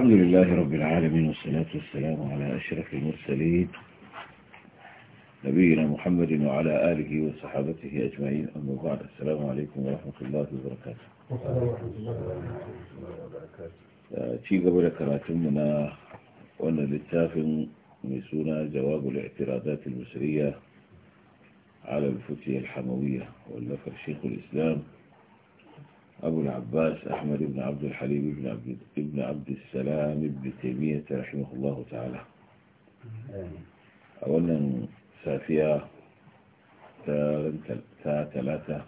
الحمد لله رب العالمين والصلاة والسلام على أشرف المرسلين نبينا محمد وعلى آله وصحابته أجمعين أما بعد السلام عليكم ورحمة الله وبركاته شي قبل كراتمنا وأن للتاف ميسونا جواب الاعتراضات المصرية على الفتية الحموية واللفر شيخ الإسلام أبو العباس أحمد بن عبد الحليم بن عبد, بن عبد السلام بن تيمية رحمه الله تعالى أولا سافيا تا ثلاثة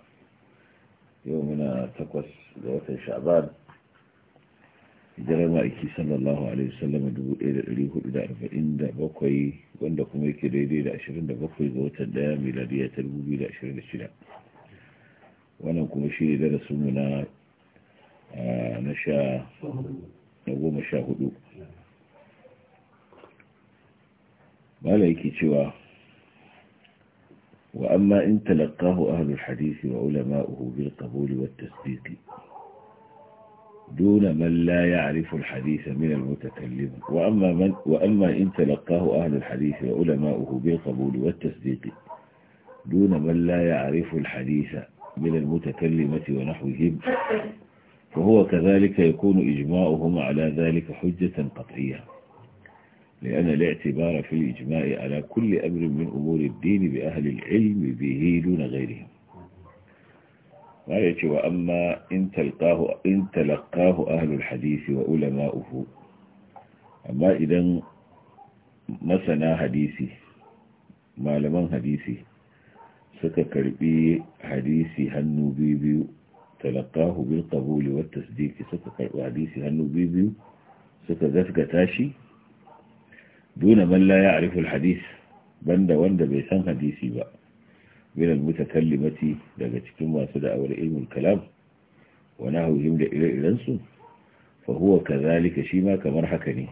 يومنا تقوس لوقت شعبان جرما إكي صلى الله عليه وسلم دبو إلى إليه إلى أربعين دا بوكوي وندكم إكي ريدي إلى أشرين دا بوكوي غوتا دا ميلادية تربو إلى أشرين الشلاء wannan kuma shi ne darasinmu na na sha na goma sha hudu yake cewa وأما إن تلقاه أهل الحديث وعلماؤه بالقبول والتصديق دون من لا يعرف الحديث من المتكلم وأما, من وأما إن تلقاه أهل الحديث وعلماؤه بالقبول والتصديق دون من لا يعرف الحديث من المتكلمة ونحوهم فهو كذلك يكون إجماعهم على ذلك حجة قطعية لأن الاعتبار في الإجماع على كل أمر من أمور الدين بأهل العلم به دون غيرهم قال وأما إن تلقاه إن تلقاه أهل الحديث وعلماؤه أما إذا حديثه حديثي لمن حديثه suka karbi hadisi hannu biyu talaqahu bil qabul wa tasdiq suka karbi hadisi hannu biyu suka gaskata shi duna man la ya'rifu al hadith banda wanda bai san hadisi ba min al mutakallimati daga cikin masu da'awar ilmul kalam wa nahwihim da ire-iren su fa huwa kadhalika shi ma kamar haka ne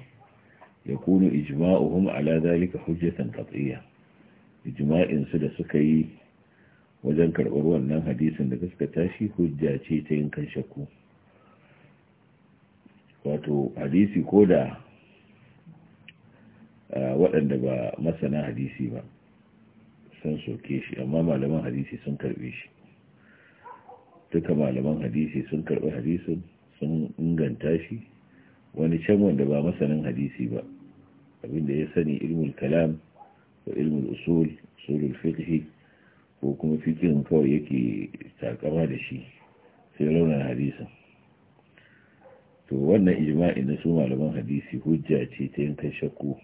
yakunu ijma'uhum ala dhalika hujjatan qat'iyyah ijma'in su da suka yi wajen karɓar wannan hadisin da suka tashi hujja ce ta yin kan shakku wato hadisi ko da waɗanda ba masana hadisi ba sun soke shi amma malaman hadisi sun karɓe shi duka malaman hadisi sun karɓi hadisin sun inganta shi wani can wanda ba masanin hadisi ba abinda ya sani ilmul kalam da ilmul usul usulul fiqh ko kuma fikin kawai yake takama da shi sai raunar hadisin to wannan ijma'i na su malaman hadisi hujja ce ta yankan shakku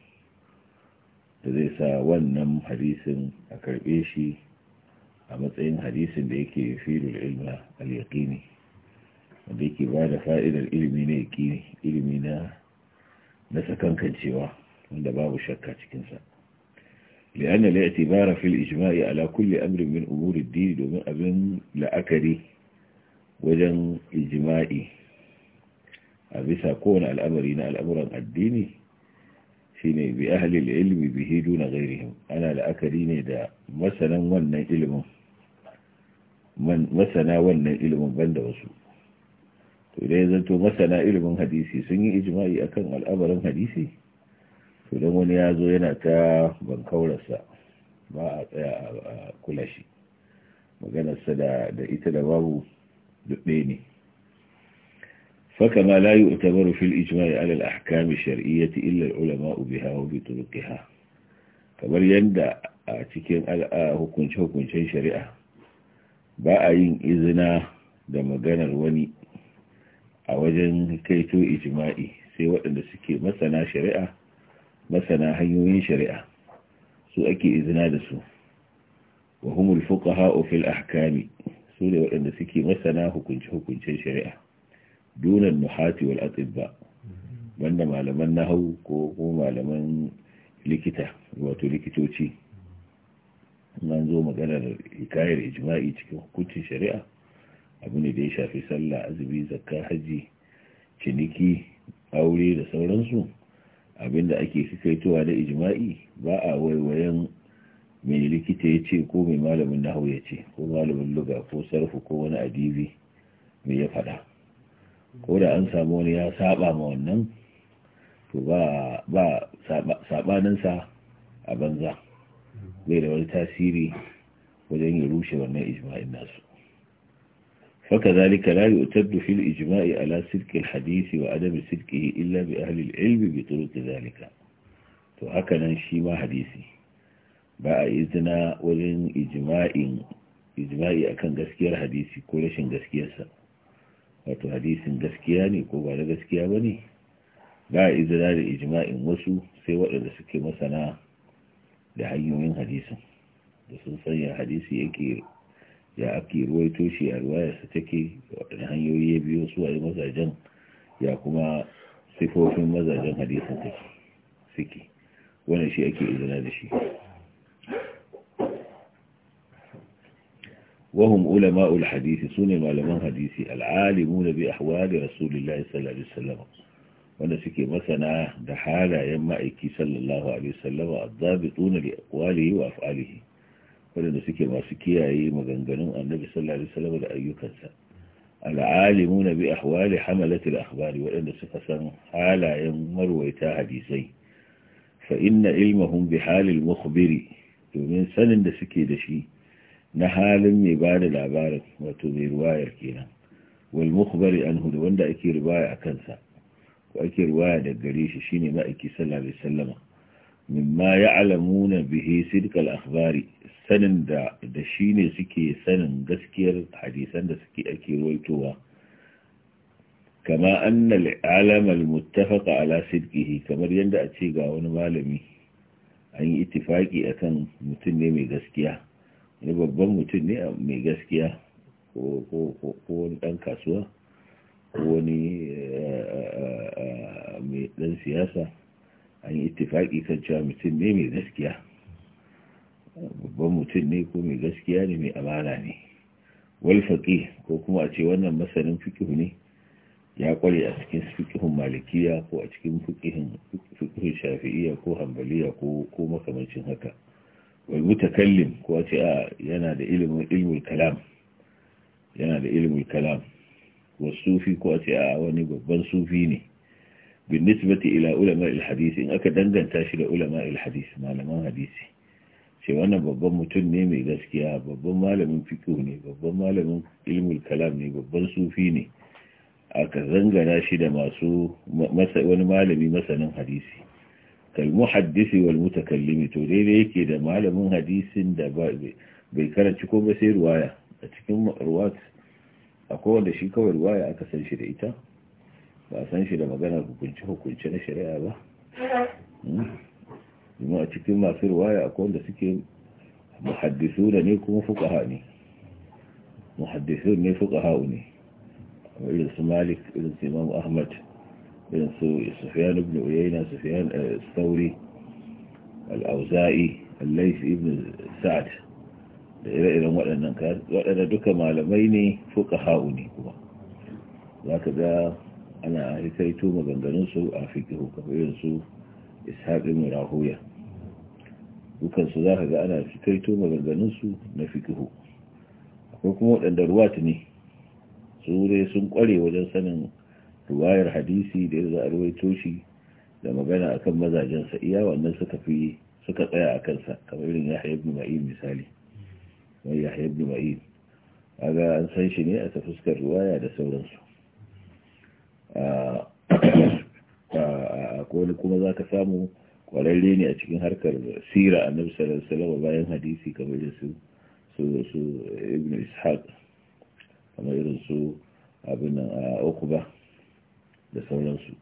da zai sa wannan hadisin a karbe shi a matsayin hadisin da yake filin ilma al-yaqini wanda yake ba da fa'idar ilimi na yaqini ilimi na na sakankancewa wanda babu shakka cikinsa لأن الاعتبار في الإجماع على كل أمر من أمور الدين لمأب لأكري وجن إجمائي أبسا كون الأمرين الأمر الديني شيني بأهل العلم به دون غيرهم أنا لأكرين دا مثلا ون علم من مثلا ون علم بند وسوء إذا أنتم مثلا علم حديثي سنين إجمائي أكن الأمر حديثي idan wani ya zo yana ta bankaurarsa ba a tsaya a kula shi maganarsa da ita da babu dubbe ne فكما لا يعتبر في الإجماع على الأحكام الشرعية إلا العلماء بها وبطرقها kamar yadda a cikin hukunce-hukuncen shari'a ba a yin izina da maganar wani a wajen kaito ijima'i sai waɗanda suke masana shari'a masana hanyoyin shari'a su ake izina da su wa humul fuqaha fil ahkami su ne waɗanda suke masana hukunce hukuncin shari'a dunan muhati wal atibba banda malaman nahau ko malaman likita wato likitoci nan zo maganar hikayar ijma'i cikin hukuncin shari'a abu ne da ya shafi sallah azumi zakka haji ciniki aure da sauransu abinda ake kaitowa da ijma'i ba a waiwayen mai likita ya ce ko mai malamin nahu ya ce ko malamin luga ko sarfu ko wani adibi mai ya faɗa ko da an samu wani ya saba ma wannan to ba ba sabaninsa a banza bai da wani tasiri wajen ya rushe wannan ijma'in nasu فكذلك لا يؤتد في hadisi على صدق الحديث وعدم صدقه إلا بأهل العلم بطرق ذلك فهكذا شيما حديثي بقى إذنا ولن إجماعين ijma'i akan gaskiyar hadisi ko rashin gaskiyarsa wato hadisin gaskiya ne ko ba na gaskiya ba ne ba a izina da ijma'in wasu sai waɗanda suke masana da hanyoyin hadisin da sun sanya hadisi yake ya ake ruwaito shi a ruwayarsa take waɗanda hanyoyi ya biyo su a mazajen ya kuma sifofin mazajen hadisin take suke wannan shi ake izina da shi wahum وهم علماء الحديث سنة معلمان حديثي العالمون a رسول da صلى الله عليه وسلم wanda suke masana da halayen ma'aiki sallallahu alaihi wasallama adabituna li aqwalihi wa af'alihi waɗanda suke masu kiyaye maganganun annabi sallallahu alaihi da ayyukansa na bi ahwali hamalatul akhbari waɗanda suka san halayen marwaita hadisai fa inna ilmahum bi halil mukhbiri domin sanin da suke da shi na halin mai ba da labarin wato mai ruwayar kenan wal mukhbari anhu wanda ake riwaya a kansa ko ake riwaya da gare shi shine ma'aiki sallallahu alaihi wasallama mimma ya'lamuna bihi sirkal akhbari sanin da da ne suke sanin gaskiyar hadisan da suke ake ruwaitowa kama annal alama almuttafaqa ala sidqihi kamar yanda a ce ga wani malami an yi ittifaki akan mutum ne mai gaskiya wani babban mutum ne mai gaskiya ko wani dan kasuwa ko wani mai ɗan siyasa an yi ittifaki kan cewa mutum ne mai gaskiya babban mutum ne ko mai gaskiya ne mai amana ne wal faqih ko kuma a ce wannan masanin fiqh ne ya kware a cikin fikihun malikiya ko a cikin fikihun shafi'iyya ko hambaliya ko makamancin haka wal mutakallim ko a ce yana da ilimin ilmul kalam yana da ilmul kalam ko sufi ko a ce a wani babban sufi ne بالنسبة إلى علماء الحديث in aka دن تاشي لعلماء الحديث معلمان حديثي ce wannan babban mutum ne mai gaskiya babban malamin fikihu ne babban malamin ilmul kalam ne babban sufi ne aka zangana shi da masu wani malami masanin hadisi kalmu haddisi wal mutakallimi to daidai yake da malamin hadisin da bai karanci ko ba sai ruwaya a cikin ruwat akwai wanda shi kawai ruwaya aka san shi da ita ba san shi da magana hukunce-hukunce na shari'a ba kuma a cikin masu ruwaya akwai wanda suke muhaddisu da ne kuma fukaha ne muhaddisu ne fukaha ne irin su malik irin su imam ahmad irin su sufiyan ibn uyayna sufiyan sauri eh, al-auza'i ibn sa'ad da ire-iren waɗannan waɗanda duka malamai ne fukaha ne kuma za ka ga ana hikaito maganganunsu a fikihu kamar ishaƙin murahuya dukansu za ka ga ana ma maganganunsu na fikihu akwai kuma waɗanda ruwat ne su dai sun ƙware wajen sanin ruwayar hadisi da ya a ruwaito shi da magana akan mazajensa iya wannan suka fi suka tsaya a kansa kamar irin yahya ibn ma'in misali mai yahya ibn ma'in ga an san shi ne a ta fuskar ruwaya da sauransu Ah, ah, ko wani kuma za ka samu kwararre ne a cikin harkar sira a sallallahu salama bayan hadisi kamar da su su su ibn ishaq kamar irin su abin okuba ah, da sauransu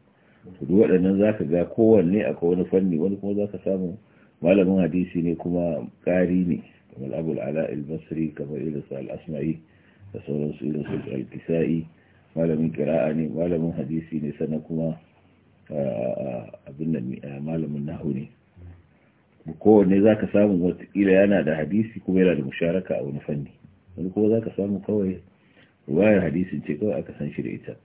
to duk waɗannan ka ga kowanne a wani fanni wani kuma za ka samu malamin hadisi ne kuma ƙari ne kamar abul ala al-basri kamar irin su al-asma'i da sauransu irin su al-kisa'i malamin kira'a ne malamin hadisi ne sannan kuma abin malamin nahu ne kowane za ka samu watakila yana da hadisi kuma yana da musharaka a wani fanni wani kuma za ka samu kawai ruwayar hadisin ce kawai aka san shi da ita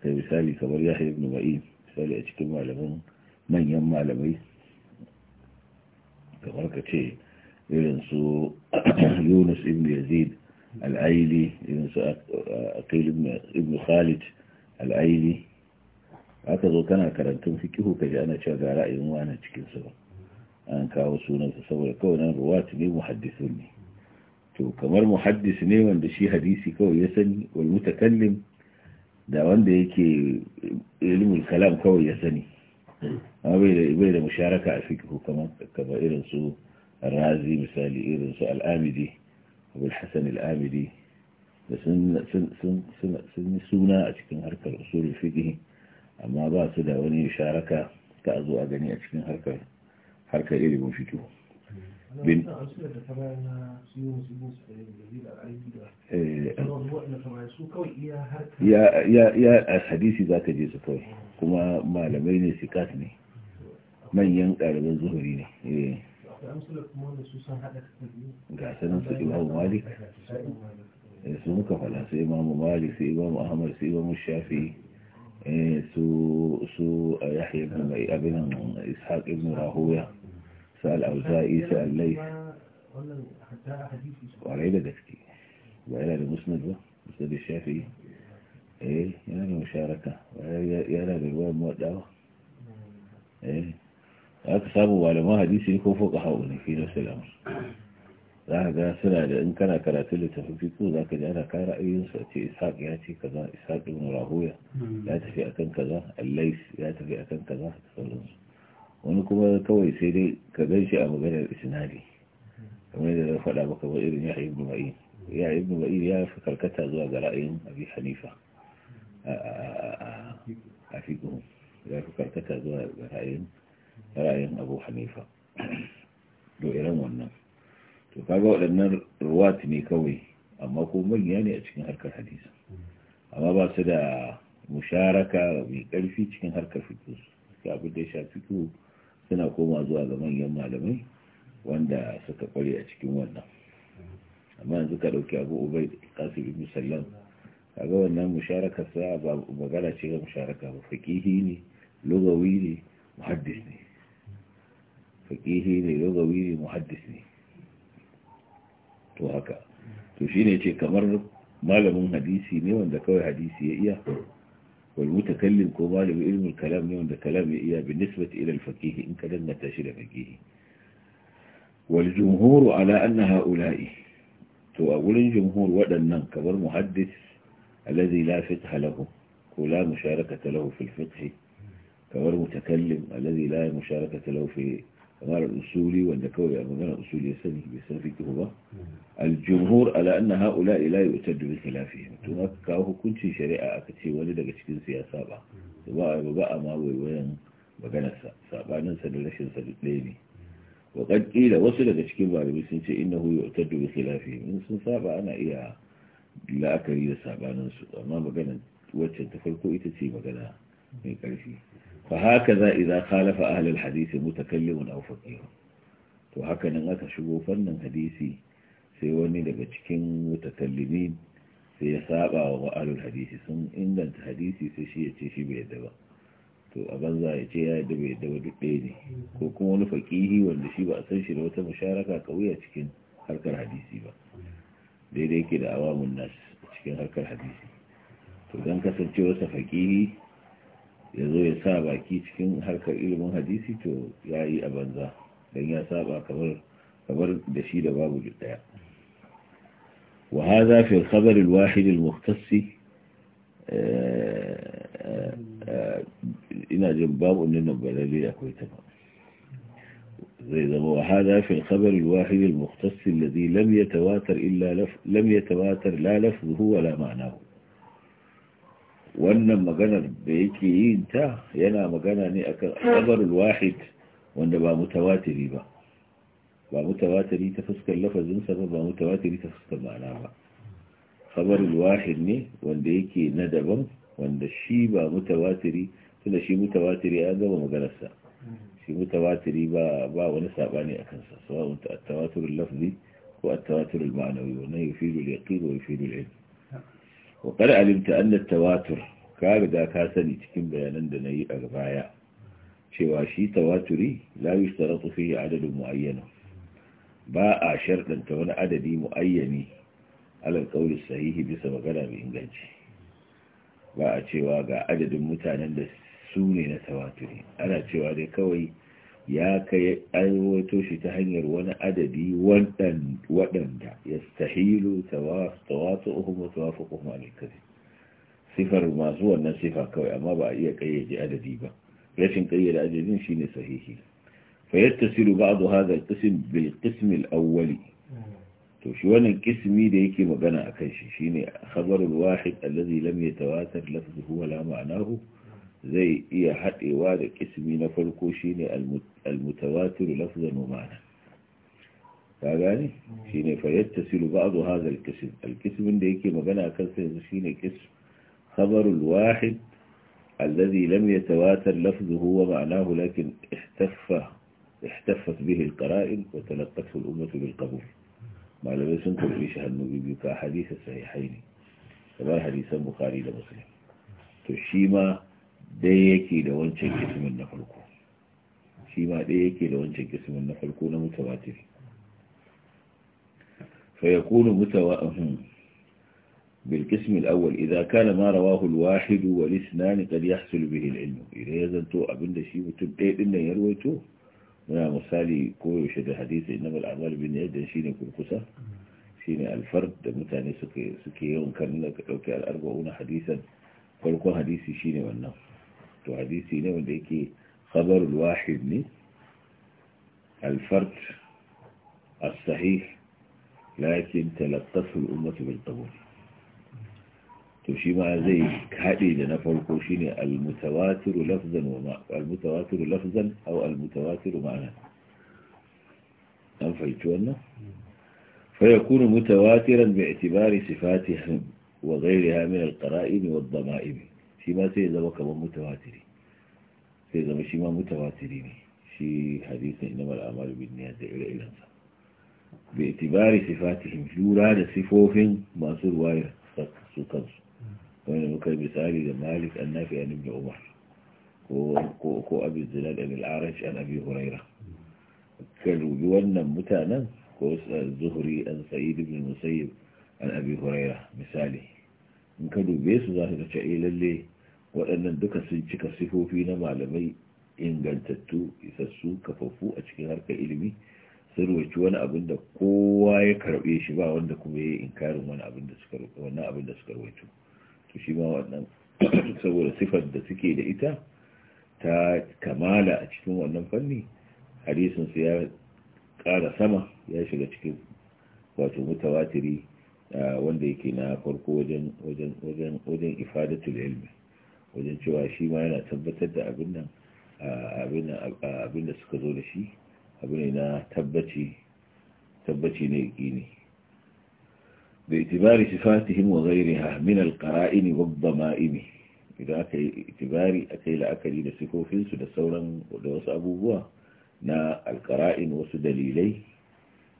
kai misali kamar yahya ibn ma'in misali a cikin malamin manyan malamai kamar ka ce irin su yunus ibn yazid al'aili irin su aqil ibn khalid aka zo kana karantun fikihu ka ji ana cewa ga ra'ayin ana cikin sa an kawo sunansa saboda kawai nan ruwat ne muhaddisun ne to kamar muhaddis ne wanda shi hadisi kawai ya sani wal mutakallim da wanda yake ilimin kalam kawai ya sani amma bai da musharaka a fikihu kamar irin su razi misali irin su al'amidi abu al al'amiri da sun yi suna a cikin harkar usulul fiqh amma ba su da wani sharaka ta zo a gani a cikin harkar ilimin fito bin ya a hadisi za ka je su kawai kuma malamai ne sikat ne mm. manyan ɗaliban zuhuri ne eh. قاعدين في الإمام مالك إيه، سو مكفلا سو إمام مالك سو إمام أحمد سو إمام الشافعي إيه، سو سو يحيى بن أبينا إسحاق بن راهوية سأل أوزائي سأل ليس وعليه دكتي وعلى المسند مسند الشافي إيه يعني مشاركة وعلى يعني الرواية مودعة إيه za ka samu malaman hadisi ko foka hau ne fi na salamu za ka ga suna da in kana karatun littafin fiko za ka ji ana kara a ce ishaq ya ce kaza ishaq ɗin rahoya ya tafi akan kaza allais ya tafi akan kaza da sauransu wani kuma kawai sai dai ka gan shi a maganar isnadi kamar da na faɗa maka ba irin yahya ibn ma'in yahya ibn ma'in ya fi karkata zuwa ga ra'ayin abi hanifa a fiƙo ya fi karkata zuwa ga ra'ayin ra'ayin abu hanifa to irin wannan to kaga waɗannan ruwat ne kawai amma ko manya ne a cikin harkar hadisi amma ba su da musharaka mai ƙarfi cikin harkar fiƙo suka abu da ya shafi fiƙo suna koma zuwa ga manyan malamai wanda suka ƙware a cikin wannan amma yanzu ka ɗauki abu ubai kasir ibn sallam kaga wannan musharaka sa ba magana ce ga musharaka ba Fakihi ne lugawi ne muhaddis ne faƙihi ne lugawi ne muhaddis ne to haka to shi ne ce kamar malamin hadisi ne wanda kawai hadisi ya iya wal mutakallim ko malamin ilmin kalam ne wanda kalam ya iya bi nisbati ila al-faqih in ka danganta shi da faqih wal jumhur ala anna ha'ula'i to a gurin jumhur waɗannan kamar muhaddis alladhi la fiqh lahu ko la musharakata lahu fil fiqh kamar mutakallim alladhi la musharakata lahu fi kamar usuli wanda kawai a magana usuli ya sani bai san fiqh ba hmm. al-jumhur ala anna haula ila da bi khilafihim to kawo hukuncin shari'a aka ce wani daga cikin su ya saba hmm. ba ba a ma wayan maganar sa sabanin sa da rashin sa da ne wa qad wasu daga cikin malami sun ce innahu da bi lafiya in sun saba ana iya la'akari da sabanin su amma maganar wacce ta farko ita ce magana mai karfi fa haka za أهل الحديث متكلم أو فقير aw faqih to haka nan aka shigo fannin hadisi sai wani daga cikin mutakallimin sai ya saba wa ahlul hadisi sun inganta hadisi sai shi ya ce shi bai yadda ba to a banza ya ce ya yadda bai yadda ba duk ɗaya ne ko kuma wani faƙihi wanda shi ba a san shi da wata musharaka kauya cikin harkar hadisi ba daidai ke da awamun nas cikin harkar hadisi to don kasancewarsa faƙihi ya zo ya sa baki cikin harkar ilimin hadisi to ya yi a banza don ya saba kamar da shi da babu duk daya وهذا في الخبر الواحد المختص ina jin babu ne nan balale akwai ta ba zai zama wa hada fi al-khabar al-wahid al-mukhtass alladhi lam yatawatar illa lam yatawatar la lafzuhu wa la ma'nahu wannan maganar da yake yin ta yana magana ne akan kabarul wahid wanda ba mutawatiri ba ba mutawatiri ta fuskar lafazin ba ba mutawatiri ta fuskar ma'ana ba kabarul wahid ne wanda yake na daban wanda shi ba mutawatiri tunda shi mutawatiri an gama maganarsa shi mutawatiri ba ba wani sabani akan sa sawa'un ta tawatur lafzi ko at-tawatur al-ma'nawi wannan yufidu al-yaqin wa yufidu al-ilm wa qad alimta anna tawatur ka riga ka sani cikin bayanan da nayi a baya cewa shi tawaturi la yushtaratu fihi adadun mu'ayyana. ba a sharɗanta wani adadi muayyani alal qawli sahihi bisa magana mai inganci ba a cewa ga adadin mutanen da su ne na tawaturi ana cewa dai kawai ya kai aiwato shi ta hanyar wani adadi waɗanda ya stahilu tawatsu uhumu tawafu kuma alkazi sifar masu wannan sifa kawai amma ba a iya ƙayyade adadi ba rashin ƙayyade adadin shi ne sahihi fayattasiru ba'du hadha alqism bil qism al-awwali to shi wannan kismi da yake magana akan shi shine khabarul wahid alladhi lam yatawatar lafzuhu wala ma'nahu zai iya haɗewa da kismi na farko shine المتواتر لفظا ومعنى فاغاني شين فيتصل بعض هذا الكسم الكسم اللي yake magana كسر sai yanzu خبر الواحد الذي لم يتواتر لفظه ومعناه لكن احتف احتفت به القرائن وتلقته الأمة بالقبول ما لم يسنكر في شهر النبي حديث الصحيحين كما حديث البخاري ومسلم تشيما ديكي لو انت اسم النفلكم shi ma ɗaya yake da wancan kismin na farko na mutawatir fa yakunu mutawahum bil qism al awwal idza kana ma rawahu al wahid wal ithnan qad yahsul bihi al ilm idan ya zanto abinda shi mutum ɗaya din nan ya rawaito muna misali ko yaushe da hadisi inna al a'mal bin yadda shine kurkusa shine al fard da mutane suke suke yawan kan ka dauki al arba'una hadisan farkon hadisi shine wannan to hadisi ne wanda yake الخبر الواحد من الفرد الصحيح لكن تلطفه الأمة بالطبول توشي مع زي كهدي لنفرقو شيني المتواتر لفظا وما المتواتر لفظا أو المتواتر معنا أنفيتونا فيكون متواترا باعتبار صفاتهم وغيرها من القرائن والضمائم فيما سيزوك ومتواترين سيزم الشيما متواترين في حديث إنما الأعمال بالنيات إلى إلهنا باعتبار صفاتهم جورا لصفوف مأسور واير سكان ومن المكلم سالي مالك النافع عن ابن عمر وكو أبي الزلال عن الأعرج عن أبي هريرة كانوا جوانا متانا كوس الزهري أن سعيد بن المسيب عن أبي هريرة مثالي كانوا بيسو ظاهرة شئيلا ليه waɗannan duka sun cika sifofi na malamai ingantattu isassu kafaffu a cikin harkar ilimi sun rubuci wani abin da kowa ya karɓe shi ba wanda kuma ya yi inkarin wani abin da suka wannan to shi ma wannan saboda sifar da suke da ita ta kamala a cikin wannan fanni hadisin su ya ƙara sama ya shiga cikin wato mutawatiri ah, wanda yake na farko wajen wajen wajen ifadatul ilmi wajen cewa shi ma yana tabbatar da abin nan abin da suka zo da shi abin ne na tabbaci tabbaci ne gini da itibari sifatihim wa ghairiha min alqara'in wa dhama'im idan aka yi itibari aka yi la'akari da sifofinsu da sauran da wasu abubuwa na alƙara'in wasu dalilai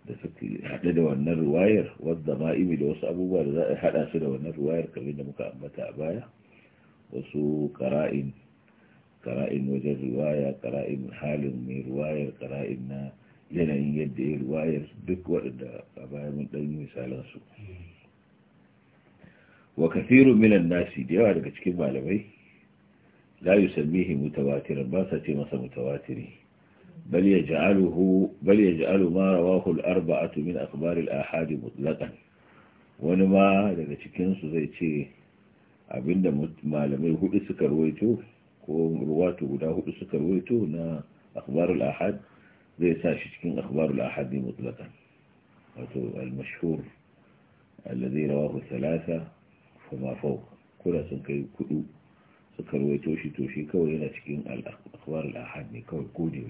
da suka haɗe da wannan ruwayar wadda ma'imi da wasu abubuwa da za a haɗa su da wannan ruwayar kamar da muka ambata a baya wasu kara'in kara'in wajen riwaya kara'in halin mai riwayar kara'in na yanayin yadda ya riwayar duk waɗanda a bayan mun ɗan misalan su wa kafiru minan nasi da yawa daga cikin malamai la yusammihi mutawatiran ba sa ce masa mutawatiri Bal بل يجعله بل يجعل ما رواه الأربعة a أخبار الآحاد Wani ma daga cikinsu zai ce. abinda malamai hudu suka ruwaito ko ruwato guda hudu suka ruwaito na akhbarul ahad zai sa shi cikin akhbarul ahad ne mutlaka wato al-mashhur alladhi rawahu thalatha fama fawq kula sun kai hudu suka ruwaito shi to shi kawai yana cikin akhbarul ahad ne kawai ko da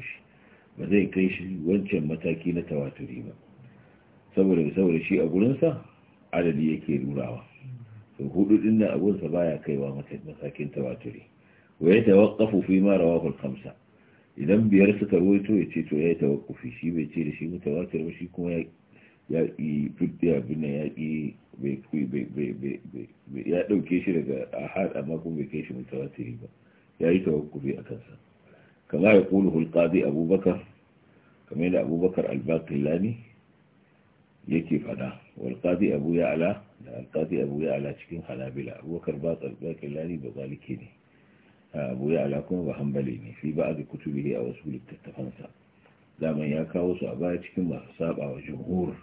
ba zai kai shi wancan mataki na tawaturi ba saboda saboda shi a gurinsa adadi yake rurawa to hudu din nan abun sa baya kaiwa masakin tawaturi wa ya tawaqqafu fi ma rawahu al-khamsa idan biyar suka ruwaito ya ce to ya tawaqqufi shi bai ce da shi mutawatir ba shi kuma ya ya yi fidda abin ya yi bai bai ya dauke shi daga ahad amma kuma bai kai shi mutawatir ba ya yi tawaqqufi a kansa kama ya kulu hulqadi abubakar kamar da abubakar al-baqillani yake fada wal qadi abu ya'la da alkazi abu ya ala cikin hanabila abubakar ba tsarkakin lani ba zalike ne abu ya ala kuma ba hambali ne fi ba a da kutubi a wasu littattafansa zaman ya kawo su a baya cikin masu saba wa jumhur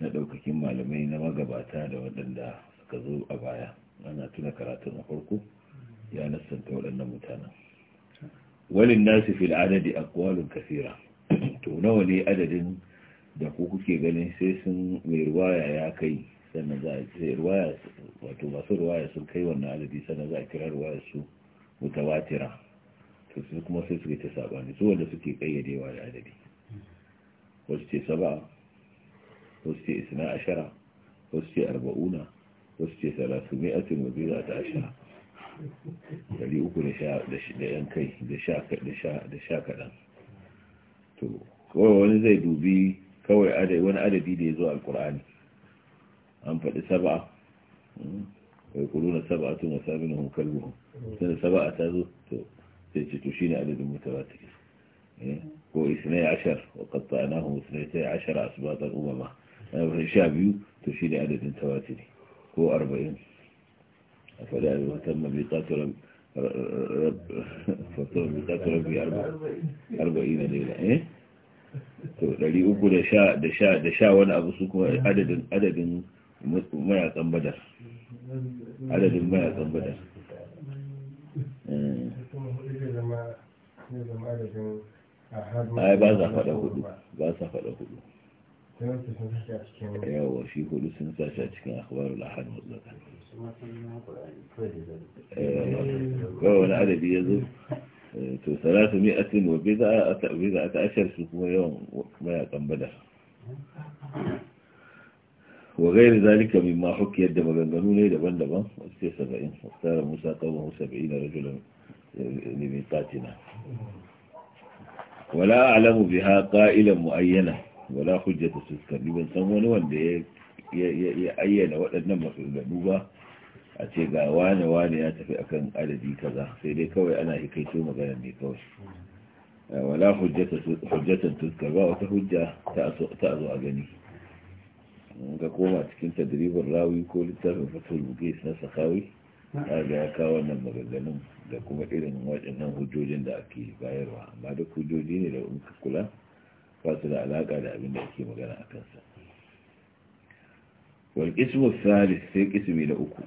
na ɗaukakin malamai na magabata da waɗanda suka zo a baya ana tuna karatun na farko ya nassanta waɗannan mutanen walin nasu fil adadi a akwalun kasira to nawa ne adadin da ku kuke ganin sai sun mai ruwaya ya kai sannan za a ce ruwaya wato masu ruwaya sun kai wannan adadi sannan za a kira ruwaya su mutawatira to su kuma sai suke ta sabani su wanda suke kayyadewa da adadi wasu ce saba wasu ce isna ashara wasu ce arba'una wasu ce salatu mai asin wa biyu ta ashara dari uku da yan kai da sha kaɗan to kawai wani zai dubi kawai wani adadi da ya zo alkur'ani an faɗi saba'a hmm. wai kuluna saba'atun wa sabinuhum kalbuhum sai da saba'a ta zo to sai ce to shine adadin mutawatir eh, ko isnai ashar wa qatta'nahum isnai ashar asbatan umama sha biyu to shi ne adadin tawatir ko arba'in a faɗi a watan mabitaturan fatuwar mabitaturan biyu arba'in na laila eh to ɗari uku da sha wani abu su kuma adadin mayakan badar adadin mayakan badar ai ba za faɗa hudu ba sa faɗa hudu yawa shi hudu sun sashi a cikin akhbarul ahad mutlaka kawai wani adabi ya zo to salatu mi'atin wa bid'a ta ashar su kuma yawan mayakan badar وغير ذلك مما حكي الدم بنبنون إلى بندبا وستي سبعين واختار موسى قومه سبعين رجلا لميقاتنا ولا أعلم بها قائلا مؤينة ولا حجة سلسكا لمن سمون وان يأينا وان نمى في المعنوبة أتيقى وانا وانا يأتفئ أكن على كذا سيدي كوي أنا هكيتو مغانا ميكوش ولا حجة حجة تذكر وتحجة تأذو أغنيه ga koma cikin tadribin rawi ko littafin fatul bugis na sakawi ta ga ya kawo wannan maganganun da kuma irin waɗannan hujjojin da ake bayarwa amma duk hujjoji ne da in kula ba su da alaƙa da abin da ake magana a kansa wal ismu salis sai ismi na uku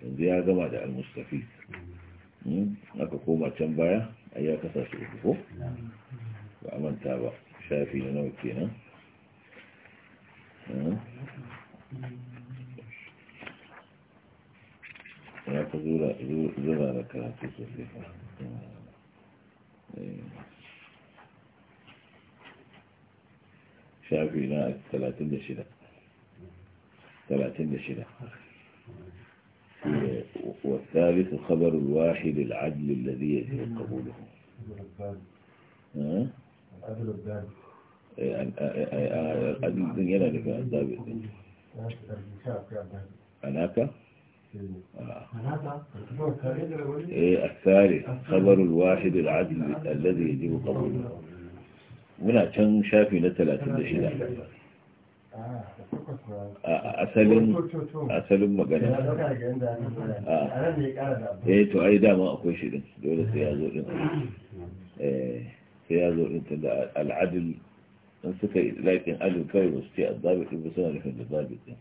yanzu ya gama da al hmm? aka koma can baya a ya kasa su uku ko ba a manta ba shafi na nawa kenan شافينا الثلاثين نشيدة ثلاثين نشيدة والثالث خبر الواحد العدل الذي يجب قبوله أه؟ العدل الثالث هناك آه. إيه، الثالث خبر الواحد العدل الذي يجب قبوله هنا كان شافي لثلاثة دشلة آه، أسلم أسل مقنع آه. إيه تعيدا ما أخوش دولة سيازور إيه سيازور إنت العدل suka yi laifin alif kai ba su ce azabi ɗin ba suna nufin da zabi ɗin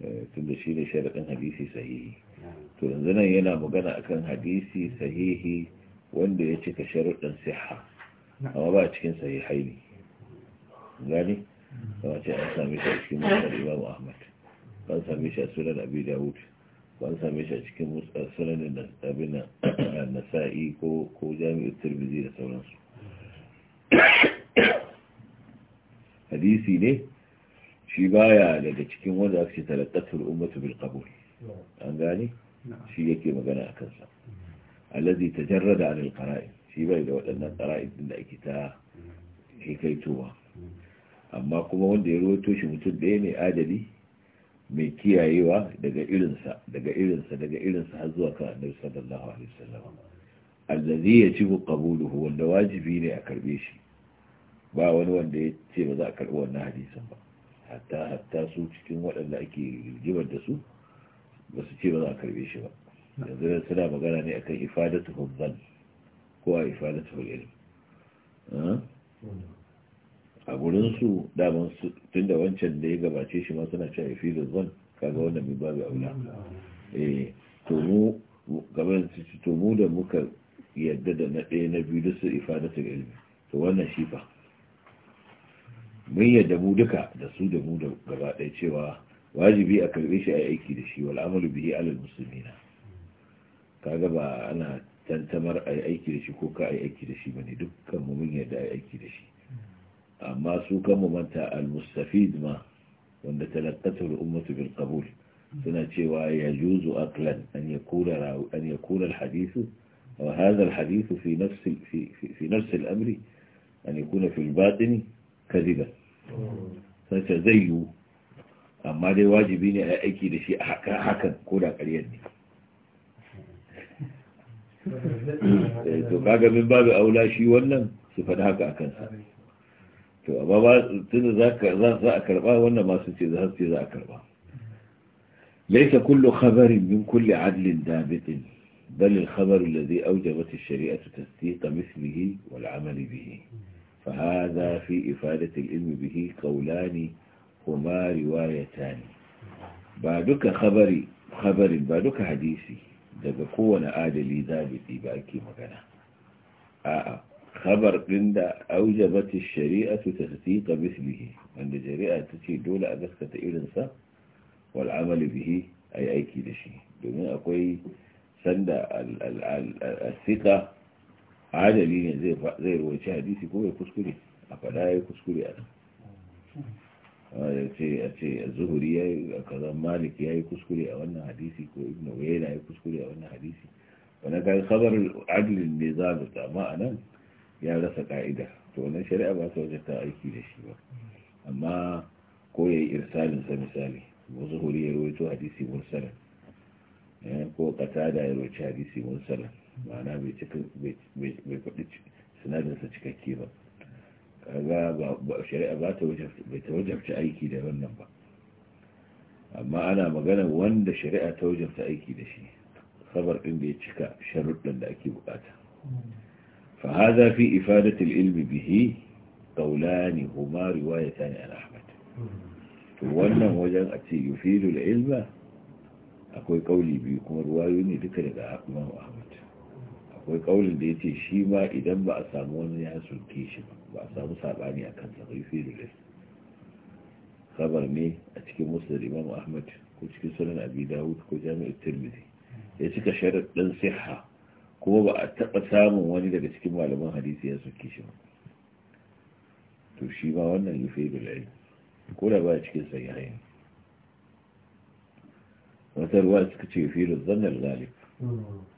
eh, tun da shi ne sharaɗin hadisi sahihi to yanzu nan yana magana akan hadisi sahihi wanda ya cika sharuɗin siha amma ba a cikin sahihai ne gani ba ce an same shi a cikin musar imam ahmad ban same shi a sunan abi dawud ban same shi a cikin sunan abin nasa'i ko jami'ar turbizi da sauransu hadisi ne shi baya daga cikin wanda aka ce ummatu bil qabul an gane shi yake magana a kansa allazi tajarrada anil qara'in shi bai da waɗannan qara'i din da ake ta hikaitowa amma kuma wanda ya rawaito shi mutum da ne adali mai kiyayewa daga irinsa daga irinsa daga irinsa har zuwa kan annabi sallallahu alaihi wasallam allazi yajibu qabuluhu wanda wajibi ne a karbe shi ba wani wanda ya ce ba za a karɓi wannan hadisan ba hatta hatta su cikin waɗanda ake rigimar da su ba su ce ba za a karɓe shi ba yanzu suna magana ne akan ta hubban ko a ta ilm a gurin su daman tun da wancan da ya gabace shi ma suna cewa ifi da zan kaga wannan mai babu aula eh to mu gaban su to mu da muka yadda da na ɗaya na biyu da su ta ilm to wannan shi ba. mun yadda mu duka da su da mu da gaba ɗaya cewa wajibi a karbe shi a aiki da shi wal amalu bihi alal muslimina kaga ba ana tantamar a aiki da shi ko ka a aiki da shi bane dukkan mu mun yadda a aiki da shi amma su kan mu manta al mustafid ma wanda talaqqatu al ummatu bil qabul suna cewa ya juzu aklan an yakuna an yakuna al hadithu أو هذا الحديث في نفس في في نفس الأمر أن يكون في الباطن كذبا فسزيوا amma dai wajibi ne a yi aiki da shi a hakan ko da ƙaryar ne to kaga min babu aula shi wannan su faɗi haka a kansa to amma ba tun za a karɓa wannan masu ce za su ce za a karɓa laisa kullu khabarin min kulli adlin dabitin bal al-khabar alladhi awjabat ash-shari'atu tasdiqa mithlihi wal 'amali bihi فهذا في إفادة العلم به قولان هما روايتان بعدك خبري خبر بعدك حديثي daga kowane adali zabiti ba ake magana a'a khabar din da aujabati shari'atu tasdiqa mislihi wanda shari'a ta ce dole a gaskata irinsa wal amal bihi ay aiki da shi domin akwai sanda al-thiqa ajali ne zai rawaci hadisi ko ya kuskure a fada ya kuskure a nan a ce a zuhuri ya yi a malik ya yi kuskure a wannan hadisi ko ibn wayla ya kuskure a wannan hadisi wani ga khabar adalin ne za mu amma a nan ya rasa ka'ida to wannan shari'a ba ta wajen ta aiki da shi ba amma ko ya yi irsalin sa misali zuhuri ya rawaito hadisi mursalan eh, ko katada ya rawaito hadisi mursalan ma'ana bai faɗi sinadinsa cikakke ba kaga shari'a ba ta wajabta aiki da wannan ba amma ana magana wanda shari'a ta wajabta aiki da shi sabar ɗin da ya cika sharuɗin da ake buƙata fa haza fi ifadatul ilmi bihi qawlani huma riwayatan an ahmad to wannan wajen a ce yufidu al-ilma akwai kauli biyu kuma ruwayoyi ne duka daga imam ahmad akwai kaulin da ya ce shi ma idan ba a samu wani ya sulke shi ba a samu saɓani a kansa bai fi rilis kabar ne a cikin musulun imam ahmad ko cikin sunan abi dawud ko jami'ar tirmidhi ya cika sharaɗin siha kuma ba a taɓa samun wani daga cikin malaman hadisi ya sulke shi ba to shi ma wannan ya da rilis ko da ba a cikin sahihain wata ruwa suka ce fi da al-ghalib hmm.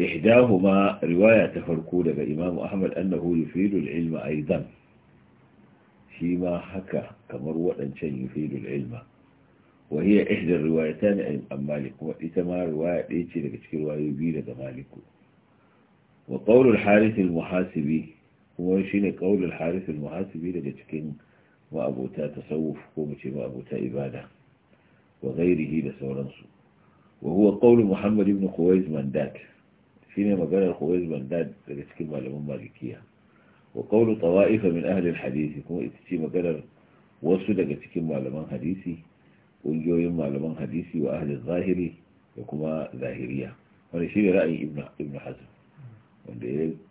إحداهما رواية تفرقود إمام أحمد أنه يفيد العلم أيضا فيما حكى كمروة أنشان يفيد العلم وهي إحدى الروايتان عن مالك وإتما رواية إيتي لكتك رواية يبيل مالك وقول الحارث المحاسبي هو شين قول الحارث المحاسبي لكتك تا تصوف وأبو تا إبادة وغيره لسورنسو وهو قول محمد بن قويز من داك فيما ما بين الخويز بنداد تذكر معلمون مالكية وقول طوائف من أهل الحديث يكون إتشي ما بين وصل تذكر معلمون حديثي ونجوي معلمون حديثي وأهل الظاهري يكون ظاهرية وأنا شير رأي ابن ابن حزم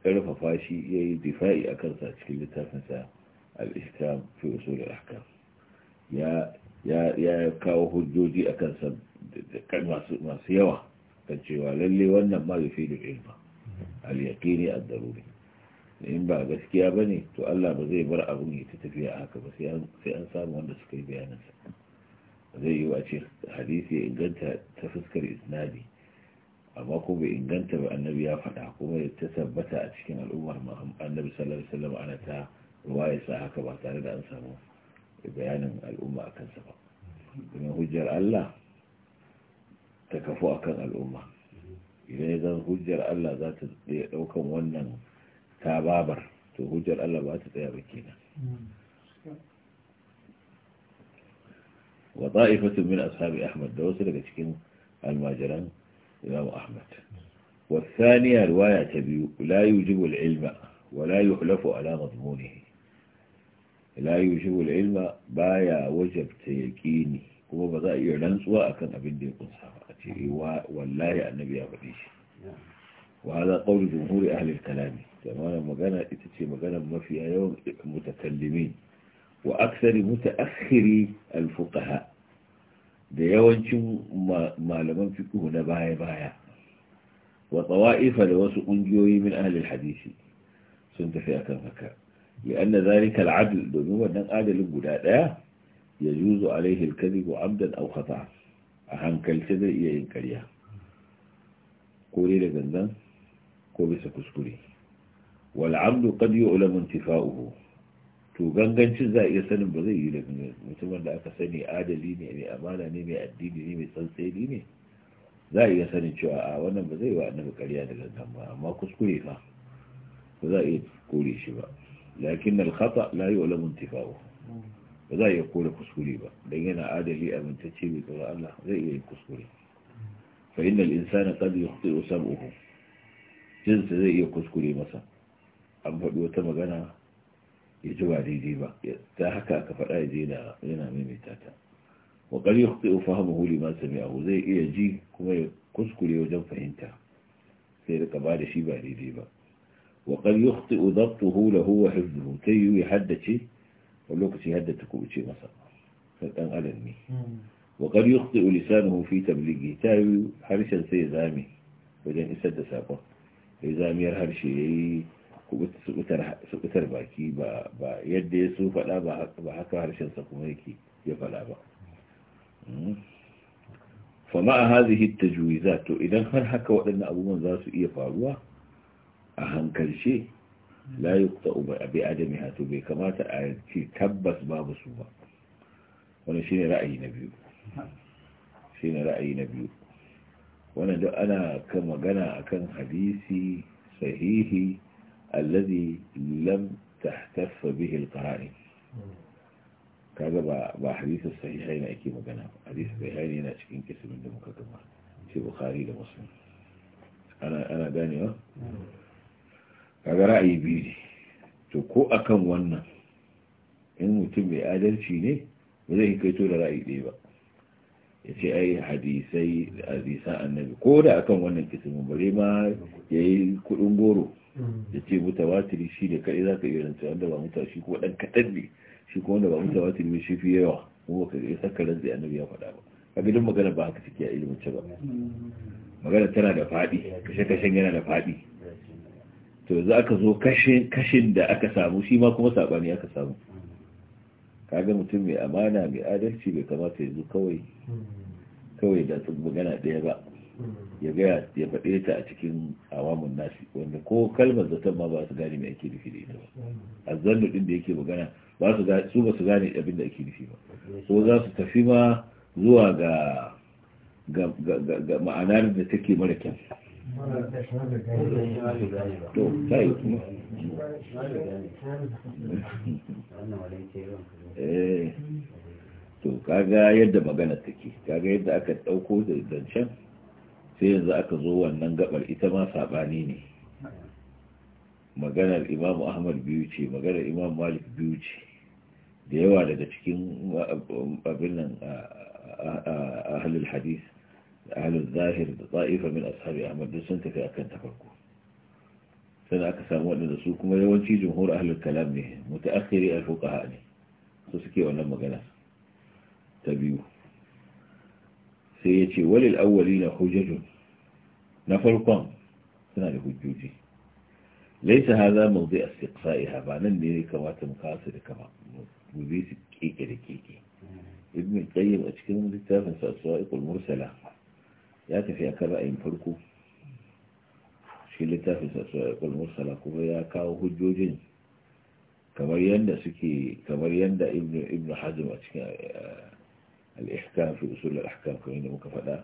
ألف فاشي يي دفاعي أكرت أشكل تفنسا الإحكام في أصول الأحكام يا يا يا كاوه الجودي أكرت كان ما سيوه kan cewa lalle wannan ma yufi da ilma al-yaqini ad-daruri in ba gaskiya bane to Allah ba zai bar abun ya tafiya a haka ba sai an samu wanda suka yi bayanin sa zai yi wa ce hadisi ya inganta ta fuskar isnadi amma ko bai inganta ba annabi ya faɗa kuma ya ta tabbata a cikin al'ummar annabi sallallahu alaihi wasallam ana ta ruwaya sa haka ba tare da an samu bayanin al'umma a kansa ba domin hujjar Allah ta kafu akan al'umma idan zan hujjar Allah za ta tsaya daukan wannan tababar to hujjar Allah ba ta tsaya ba kenan wa ta'ifatu min ashabi Ahmad da wasu daga cikin almajiran Imam Ahmad wa thaniya riwaya ta biyu la yujibu al-ilma wa la yuhlafu ala madmunihi la yujibu al-ilma baya wajabta yaqini kuma ba za a iya rantsuwa akan abin da ya kunsa ba a ce wallahi annabi ya faɗi shi wa hada qawl jumhur ahli al-kalam kamar magana ita ce magana mafiya yawan mutakallimin wa akthar mutaakhiri al-fuqaha da yawancin malaman fiqh na baya baya wa tawa'ifa da wasu kungiyoyi min ahli al-hadisi sun tafi akan haka لأن ذلك العدل دون أن آدل قداء ya juzu alaihi alkadibu abdan aw khata a hankalce zai iya yin ƙarya ko da gangan ko bisa kuskure wal abdu qad yu'lamu intifa'uhu to gangancin za a iya sanin ba zai yi da mutumin da aka sani adali ne mai amana ne mai addini ne mai tsantseni ne za a iya sanin cewa a wannan ba zai wa annabi ƙarya da gangan ba amma kuskure fa ba za a iya kore shi ba lakin al khata la yu'lamu intifa'uhu ba za a iya kore kuskure ba don yana adali amintacce mai tsoron Allah zai iya yin kuskure fa inna al-insana qad yukhti'u sam'uhu jinsa zai iya kuskure masa an faɗi wata magana ya ji ba daidai ba ta haka aka faɗa ya je yana maimaita ta wa qad yukhti'u fahmuhu lima sami'ahu zai iya ji kuma ya kuskure wajen fahimta sai rika ba da shi ba daidai ba wa qad yukhti'u dhabtuhu lahu wa hifdhuhu tayu ya haddace wa lokaci yadda ta kubuce masa sai dan adam ne hmm. wa qad yukhti'u lisanuhu fi tablighi ta yi harshen sai ya zame wajen isar da sakon sai zamiyar harshe yayi kubutar baki ba yadda ya so faɗa ba haka harshen sa kuma yake ya faɗa ba hmm. fama a hazihi za to idan har haka waɗannan abubuwan za su iya faruwa a hankalce لا يقطأ بأدمها هاتوبي كما تأيد في تبس باب السبا وانا شين رأي نبي شين رأي نبي وانا أنا كما قنا أكن حديثي صحيح الذي لم تحتف به القرائن كذا با با حديث الصحيحين اكيد قنا حديث الصحيحين هنا شكين كسر من دمك كمان في بخاري ومسلم انا انا داني kaga ra'ayi biyu ne to ko akan wannan in mutum mai adalci ne ba zai kai to da ra'ayi ɗaya ba ya ce ai hadisai da hadisa annabi ko da akan wannan kisimin bare ma ya yi kudin goro ya ce mutawatiri shi ne kaɗai za ka iya rantsa wanda ba mutawa shi kuma ɗan kaɗan ne shi kuma wanda ba mutawatiri mai shi fi yawa kuma ka iya saka rantsa annabi ya faɗa ba a gidan magana ba haka ciki a ilimin ce ba magana tana da faɗi kashe-kashen yana da faɗi to za ka zo kashin da aka samu shi ma kuma saɓani aka samu kaga mutum mai amana mai adalci bai kamata ya kawai kawai da tsun magana ɗaya ba ya gaya ya faɗe ta a cikin awamun nasi wanda ko kalmar zaton ma ba su gane mai ake nufi da ita ba a zannu ɗin da yake magana ba su basu ba su gane abin da ake nufi ba ko za su tafi ma zuwa ga ga ma'anar da take mara kyau to kaga yadda magana take kaga yadda aka dauko da dancan sai yanzu aka zo wannan gabar ita ma sabani ne maganar imamu ahmad biyu ce maganar imam malik biyu ce da yawa daga cikin abin a halin hadisi ahalul zahir da tsa'ifa min ashabi ahmad duk sun tafi akan ta farko sai aka samu waɗanda su kuma yawanci jumhur ahalin kalam ne mutaakhiri a fuqaha ne su suke wannan magana ta biyu sai ya ce walil awwalina hujjatun na farkon suna da hujjoji laisa hadha mawdi' istiqsa'iha ba nan ne kamata mu kasa da kama mu bi su keke da keke ibn qayyim a cikin littafin sa sawa'iqul mursala ya tafi a kan ra'ayin farko shi littafin sassuwar mursala kuma ya kawo hujjojin kamar yadda suke kamar yadda ibn hajjim a cikin eh, al'ihkam fi usul al'ihkam kamar yadda muka faɗa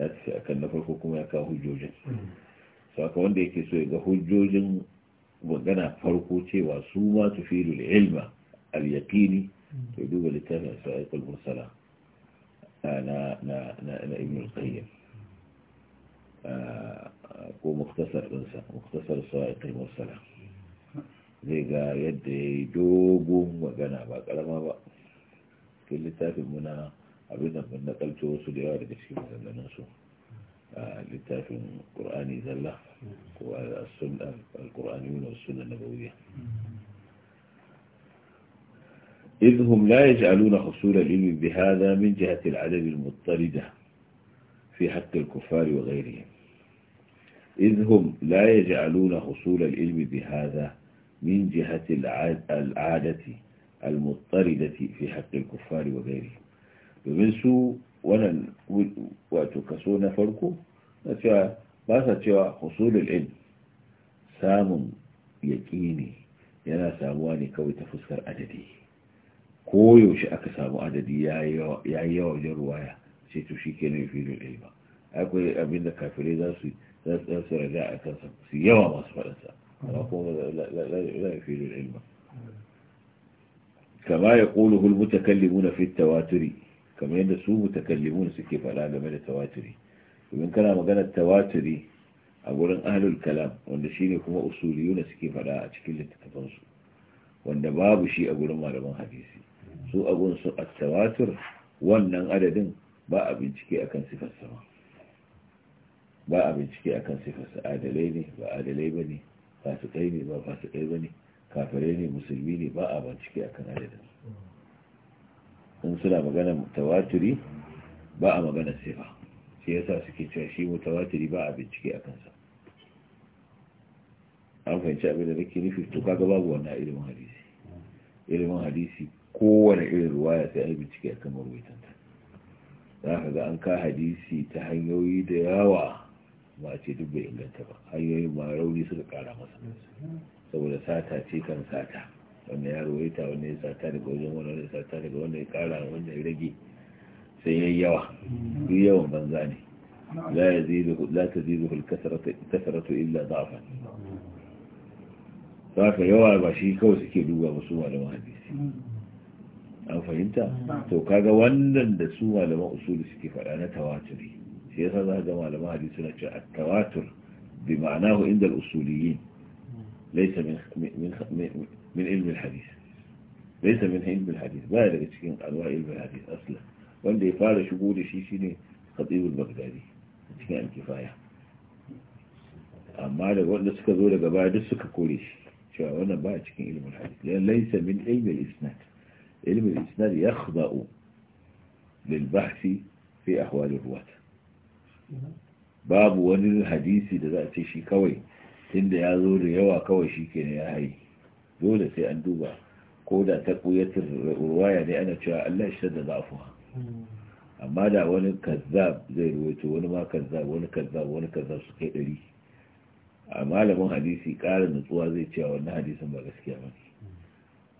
ya tafi a kan na farko kuma ya kawo hujjojin saka wanda yake so ga hujjojin magana farko cewa su ma tufilu ilma al-yaqini to duba littafin sa'ikul mursala na na na ibn al-qayyim آه، ومختصر انسى مختصر السوائق المرسلة ذيقا يدي جوقهم وقنا باك على ما باك كل تافي منا أبدا من نقل جوسو ديار دي مثلا ننسو اللي آه، تافي القرآني ذلة والسنة القرآنيون والسنة النبوية إذ هم لا يجعلون خصولا للعلم بهذا من جهة العدد المضطردة في حق الكفار وغيرهم إذ هم لا يجعلون حصول العلم بهذا من جهة العادة المضطردة في حق الكفار وغيرهم ومن سوء ولن وتكسون فرقه بس تشوى حصول العلم سام يكيني ينا ساموني كوي تفسر أددي كو يوش أكسام أددي يا يو يا يو جروايا يو sai to shi kenan yafi da ilma akwai abin da kafirai za su za su su raja a kansa su yawa masu faɗinsa amma kuma la yafi da ilma kama ya ƙulu hul mutakallimuna fi tawaturi kamar yadda su mutakallimun suke faɗa game da tawaturi domin kana maganar tawaturi a gurin ahlul kalam wanda shine kuma usuliyuna suke faɗa a cikin littattafansu wanda babu shi a gurin malaman hadisi su abun su at-tawatur wannan adadin ba a bincike akan sifar sama ba a bincike akan sifar sa adalai ne ba adalai ba ne fasikai ne ba fasikai ba ne kafirai ne musulmi ne ba a bincike akan adalai in suna magana tawaturi ba a magana sifa shi yasa suke cewa shi mutawatiri ba a bincike akan sa an fahimci abin da nake nufi to kaga babu wannan ilimin hadisi ilimin hadisi kowane irin ruwaya sai a bincike akan marwaitanta za ka ga an ka hadisi ta hanyoyi da yawa ba ce duk bai inganta ba hanyoyin ma rauni suka kara masa saboda sata ce kan sata wanda ya rawaita wanda ya sata daga wajen wanda ya sata daga wanda ya kara wanda ya rage sai ya yawa duk yawan banza ne la ya la ta zidu illa za illa da'afan za ka yawa ba shi kawai suke duba musu malaman hadisi an fahimta to kaga wannan da su malaman usuli suke faɗa na tawaturi sai yasa za ga malaman hadisi suna cewa at-tawatur bi ma'anahu inda al-usuliyyin laysa min min ilmi al-hadith laysa min ilmi al-hadith ba daga cikin alwa ilmi al-hadith aslan wanda ya fara shigo da shi shine khatibul baghdadi cikin al-kifaya amma da wanda suka zo daga baya duk suka kore shi cewa wannan ba cikin ilmin hadith laysa min ilmi al-isnad علم الإسناد يخضأ للبحث في أحوال الرواة باب وني الحديث da za a ce shi kawai tunda ya zo da yawa kawai shi ke ya hayi dole sai an duba ko da ta kuyatar ruwaya ne ana cewa Allah shi da zafuwa amma da wani kazzab zai ruwaito wani ma kazzab wani kazzab wani kazzab su kai ɗari a malamin hadisi ƙarin nutsuwa zai cewa wannan hadisin ba gaskiya ba ne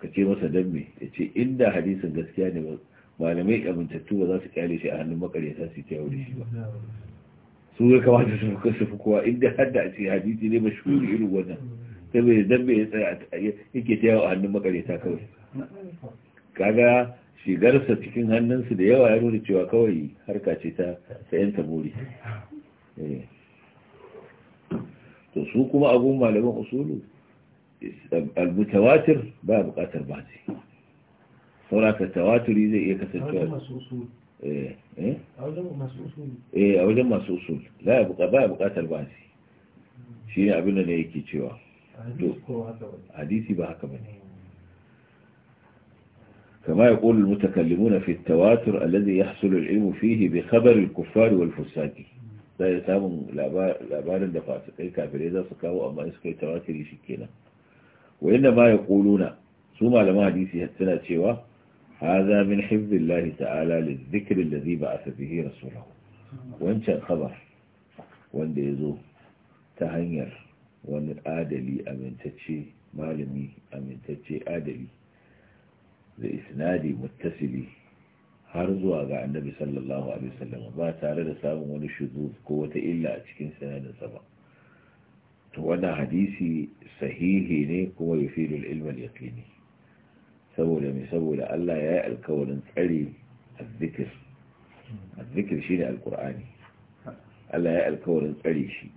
ka ce masa dan me ya ce inda hadisin gaskiya ne malamai amintattu ba za su kyale shi a hannun ta su ta da shi ba su ya kamata su fuka su kowa inda har da a ce hadisi ne ba shuru irin wannan ta bai dan me ya a yake ta yawa a hannun ta kawai kaga shigarsa cikin hannunsu da yawa ya nuna cewa kawai harka ce ta sayan buri. Eh. to su kuma abun malaman usulu المتواتر باب قاتل بازي صلاة التواتر إذا إيه قتل بازي إيه إيه أو لما سوصول إيه أو لما سوصول لا باب قتل بازي شيني أبينا نيكي حديثي بها كمان كما يقول المتكلمون في التواتر الذي يحصل العلم فيه بخبر الكفار والفساد لا يتامن لا بار لا بار الدفاتر الكافر إذا سكاو أما يسكي تواتر يشكينا wa inda ƙulu na su malaman hadisi suna cewa hazamin min hifzillahi ta'ala lidhikri alladhi a bihi rasulahu wancan kabar wanda ya zo ta hanyar wani adali amintacce malami amintacce adali da isnadi muttasili har zuwa ga annabi sallallahu alaihi wasallam ba tare da samun wani shuzuz ko wata illa a cikin sanadinsa ba wannan hadisi sahihi ne kuma yufidul ya al-yaqini saboda me saboda Allah ya yi alkawarin tsare azzikir shi ne alqur'ani Allah ya yi alkawarin tsari shi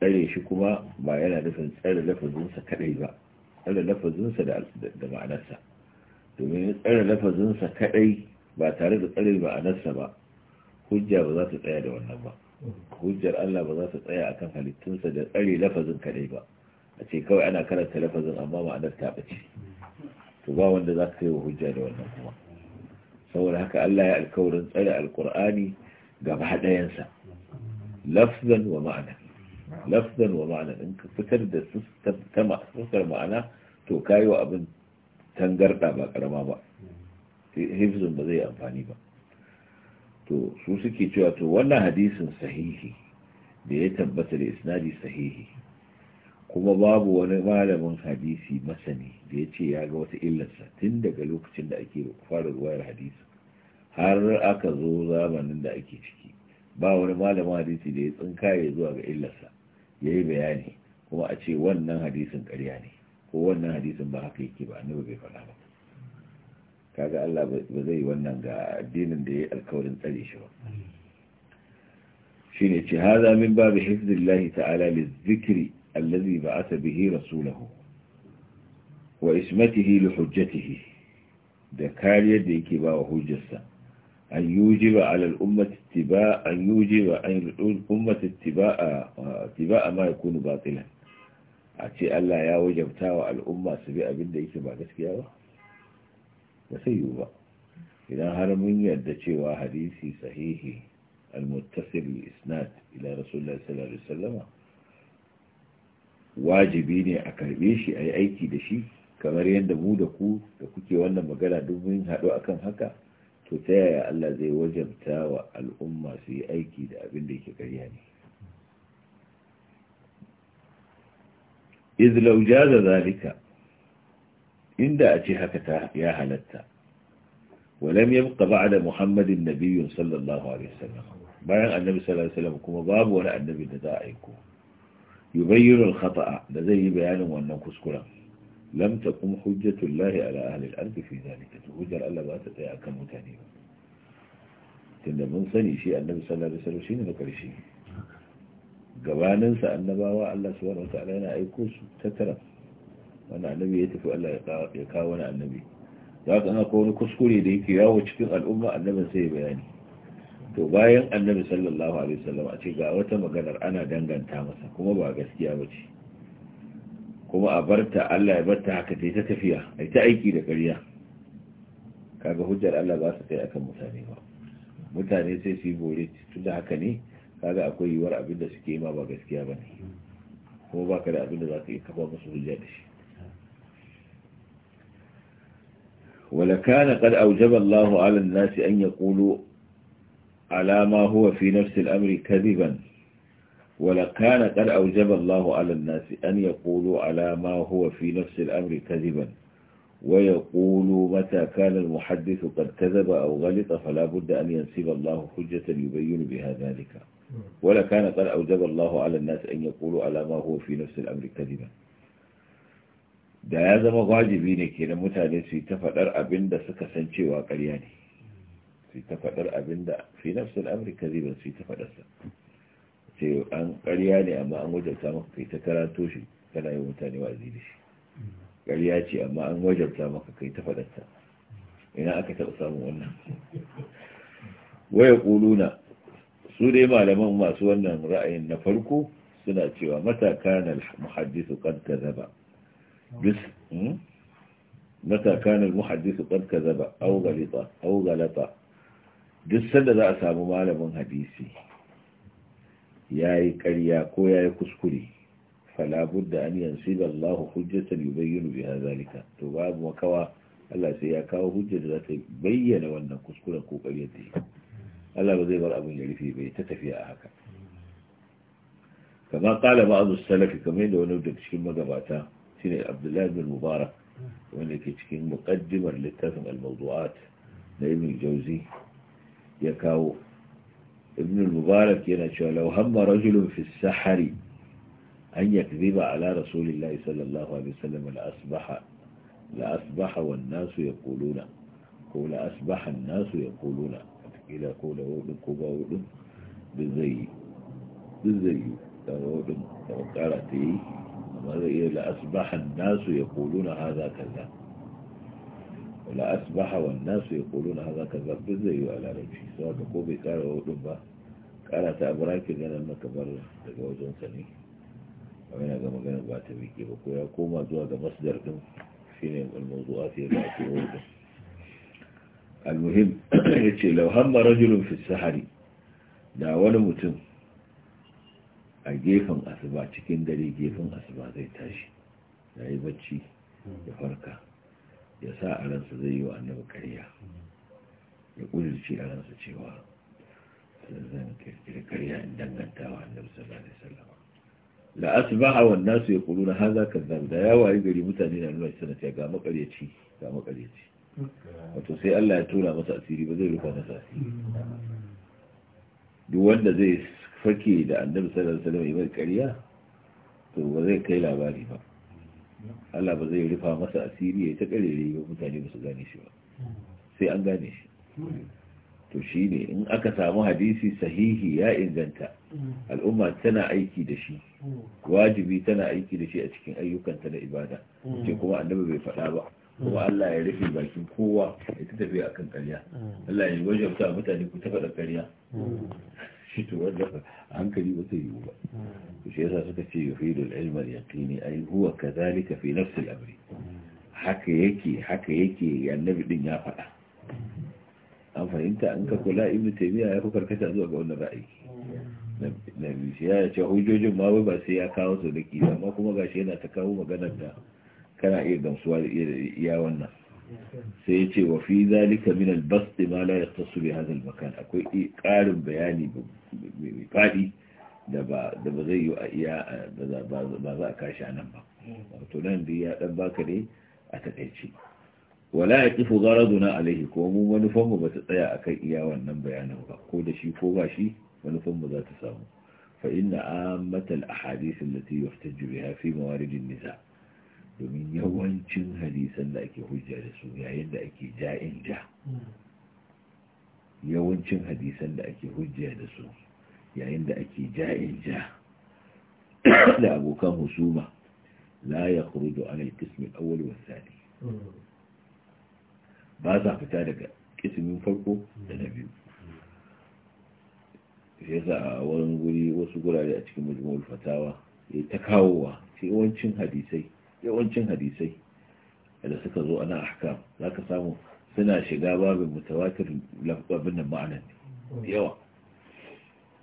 Tsari shi kuma ba yana nufin tsare lafazinsa kadai ba tsare lafazinsa da da ma'anarsa domin tsare lafazinsa kadai ba tare da tsare ma'anarsa ba hujja ba za ta tsaya da wannan ba hujjar Allah ba za ta tsaya akan halittunsa da tsare lafazin kadai ba a ce kawai ana karanta lafazin amma ma'anar ta bace to ba wanda za ka yi wa hujja da wannan kuma saboda haka Allah ya alkawarin tsare Alƙur'ani gaba ɗayansa lafzan wa ma'ana lafzan wa ma'ana in ka fitar da sussar ma'ana to yi wa abin tangarɗa ba karama ba hifzin ba zai amfani ba to su suke cewa to wannan hadisin sahihi da ya tabbata da isnadi sahihi kuma babu wani malamin hadisi masani da ya ce ya ga wata illarsa tun daga lokacin da ake fara ruwayar hadisi har aka zo zamanin da ake ciki ba wani malamin hadisi da ya tsinkaye zuwa ga illarsa ya yi bayani kuma a ce wannan hadisin ƙarya ne ko wannan hadisin ba haka yake ba bai faɗa ba kaga Allah ba zai wannan ga addinin da ya alkawarin tsare shi ba shine ce hada min babu hifdillahi ta'ala lizikri allazi ba'atha bihi rasulahu wa ismatihi li hujjatihi da kariyar da yake ba wa hujjarsa an yujiba ala al-ummati ittiba an yujiba an al-ummati ittiba ittiba ma yakunu batilan a ce Allah ya wajabta wa al'umma su bi abin da yake ba gaskiya ba ba sai yiwu ba idan har mun yarda cewa hadisi sahihi al-muttasil isnad ila rasulullah sallallahu alaihi wasallam wajibi ne a karbe shi ayi aiki da shi kamar yadda mu da ku da kuke wannan magana duk mun haɗu akan haka to ta yaya Allah zai wajabta wa al'umma su yi aiki da abin da yake ƙarya ne iz laujaza zalika إن هكتا يا هلتا ولم يبق بعد محمد النبي صلى الله عليه وسلم بيان يعني النبي صلى الله عليه وسلم كما باب ولا النبي ندائكم يبين الخطأ لذي بيان وأنه كسكرا لم تقم حجة الله على أهل الأرض في ذلك تهجر ألا باتت يا أكم تاني تند من سني شيء النبي صلى الله عليه وسلم شيء نذكر شيء قوانا سأنبا الله سبحانه وتعالى أيكوس تترف wani annabi ya tafi Allah ya kawo wani annabi za ka ana wani kuskure da yake yawo cikin al'umma annabin sai bayani to bayan annabi sallallahu alaihi wasallam a ce ga wata maganar ana danganta masa kuma ba gaskiya ba ce kuma a barta Allah ya barta haka ta ta tafiya a ta aiki da ƙarya kaga hujjar Allah ba su kai akan mutane ba mutane sai su yi bore tun da haka ne kaga akwai yiwuwar abin da suke yi ma ba gaskiya ba ne kuma ba ka da abin da za ka yi kafa musu hujja da shi ولكان قد أوجب الله على الناس أن يقولوا على ما هو في نفس الأمر كذبا ولكان قد أوجب الله على الناس أن يقولوا على ما هو في نفس الأمر كذبا ويقولوا متى كان المحدث قد كذب أو غلط فلا بد أن ينسب الله حجة يبين بها ذلك ولكان قد أوجب الله على الناس أن يقولوا على ما هو في نفس الأمر كذبا da ya zama wajibi ne kenan mutane su yi ta faɗar abin da suka san cewa ƙarya ne su yi ta faɗar abin da fi nafsul amurka zai su yi ta faɗarsa ce an ƙarya ne amma an wajarta maka kai ta karanto shi kana yi mutane wa da shi ƙarya ce amma an wajarta maka kai ta faɗarsa ina aka taɓa samun wannan waya ƙuluna su dai malaman masu wannan ra'ayin na farko suna cewa matakan muhaddisu kan ta zaba. Duk kanin muhaddisu ɗan ka zaba au duk sanda za a samu malamin hadisi ya yi ƙarya ko ya yi kuskure falabud da an yansu da Allah hujjata bai bayyana biya zalika to babu makawa Allah sai ya kawo hujjata da za ta bayyana wannan kuskuren ko ƙaryar ta Allah ba zai bar abin ya rufe bai ta tafiya a haka kamar kala ba'adu salafi kamar yadda wani daga cikin magabata سيدي عبد الله بن مبارك وانك تكون مقدما لتفهم الموضوعات لابن الجوزي يكاو ابن المبارك ينشو لو هم رجل في السحر أن يكذب على رسول الله صلى الله عليه وسلم لأصبح لأصبح والناس يقولون قول أصبح الناس يقولون إلى قول أولم كوبا أولم بزي بزي أولم وقالت kamar iya la'asbahan nasu ya kuluna haza kaza haza kaza duk zai yi a larabci sau da ko bai kara hudun ba kara ta abirakin yana na kamar daga wajen sani amma yana ga magana ba ta miƙe ba ko ya koma zuwa ga masdar din shine al-mawdu'at ya ga ko hudun al-muhim yace law hamma rajulun fi sahari da wani mutum a gefen asuba cikin dare gefen asuba zai tashi ya yi bacci ya farka ya sa a ransa zai yi wa annabi karya ya ƙudurci a ransa cewa zan kirkiri karya in danganta wa annabi sallallahu alaihi wasallam la su ya nasu na haza kadhab da ya wayi gari mutane na nuna cewa ta ga makaryaci ga makaryaci wato sai Allah ya tura masa asiri ba zai rufa masa asiri duk wanda zai fake da annabi sallallahu alaihi wasallam mai ƙarya to ba zai kai labari ba Allah ba zai rufa masa asiri ya ta karere ba mutane ba su gane shi ba sai an gane shi to shi ne in aka samu hadisi sahihi ya inganta al'umma tana aiki da shi wajibi tana aiki da shi a cikin ayyukanta na ibada ce kuma annabi bai faɗa ba kuma Allah ya rufe bakin kowa ya tafi akan karya. Allah ya yi wajen mutane ku ta faɗa ƙarya shi to wanda hankali ba zai yiwu ba hmm. shi yasa suka ce yuridul ilmal yaqini ay huwa kadhalika fi nafsi al hmm. haka yake haka yake annabi din ya faɗa hmm. an fahimta an ka kula in taymiya ya kuka karkata zuwa ga wannan ra'ayi na ya ce hujjojin ma ba sai ya kawo su da kisa amma kuma gashi yana ta kawo maganar da kana iya gamsuwa da iya wannan sai ya ce wafi fi zalika min albast ma la yattasu bi hadha almakan akwai ƙarin bayani mai fadi da ba da ba zai yi a iya ba za a kashi a nan ba wato nan da ya dan baka ne a takaice wala ya kifu garaduna alaihi ko mu manufan mu bata tsaya akan iya wannan bayanin ba ko da shi ko ba shi manufan mu za ta samu fa inna ammatal ahadith allati yuhtaju biha fi mawarij an-nisa' domin yawancin hadisan da ake hujja da su yayin da ake ja'in ja yawancin hadisan da ake hujja da su yayin da ake ja'in ja da abokan husuma la ya kurudu ala kismin awwal wa sani ba sa fita daga kismin farko da na biyu yasa a wani guri wasu gurare a cikin majmu'ul fatawa ya ta kawowa sai yawancin hadisai yawancin hadisai da suka zo ana ahkam za ka samu suna shiga babin mutawatir lafabin nan ma'anan yawa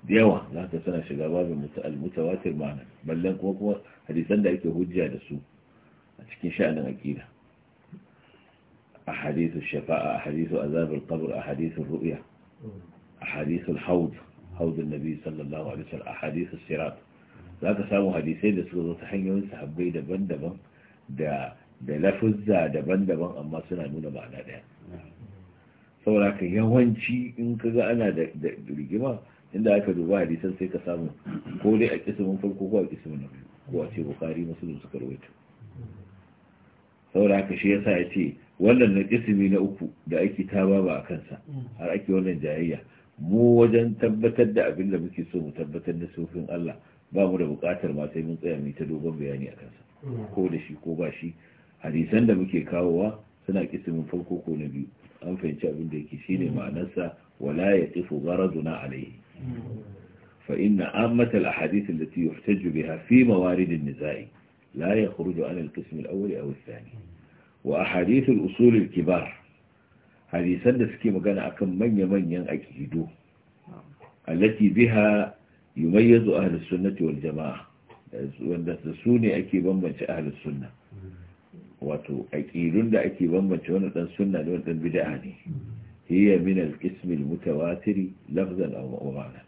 yawa za ka suna shiga babin mutawatir ma'anan ballan kuma kuma hadisan da ake hujja da su a cikin sha'anin aƙida أحاديث الشفاعة أحاديث عذاب القبر أحاديث الرؤية أحاديث الحوض حوض النبي صلى الله عليه وسلم أحاديث الصراط za ka samu hadisai da suka zo ta hanyoyin sahabbai daban-daban da da lafuzza daban-daban amma suna nuna ma'ana ɗaya saboda ka yawanci in ka ga ana da rigima inda aka duba hadisan sai ka samu ko dai a kisimin farko ko a kisimin na ko a ce bukari musulun suka rawaito saboda ka shi yasa ya ce wannan na kisimi na uku da ake ta ba a kansa har ake wannan jayayya mu wajen tabbatar da abin da muke so mu tabbatar da sufin Allah ba mu da bukatar ma sai mun tsaya mai ta dogon bayani a kansa ko da shi ko ba shi hadisan da muke kawowa suna kisimin farko ko na biyu an fahimci abin da yake shine ma'anarsa wala ya tsifu gharaduna alaihi fa inna ammatal ahadith allati yuhtaju biha fi mawarid an-nizai la yakhruju an al-qism al-awwal aw al thani wa ahadith al-usul al-kibar hadisan da suke magana akan manya-manyan aqidu allati biha يميز أهل السنة والجماعة والنسسون أكي بمج أهل السنة واتو أكيلون أكي بمج ونطن سنة ونطن بدعاني هي من الكسم المتواتر لفظا أو معنى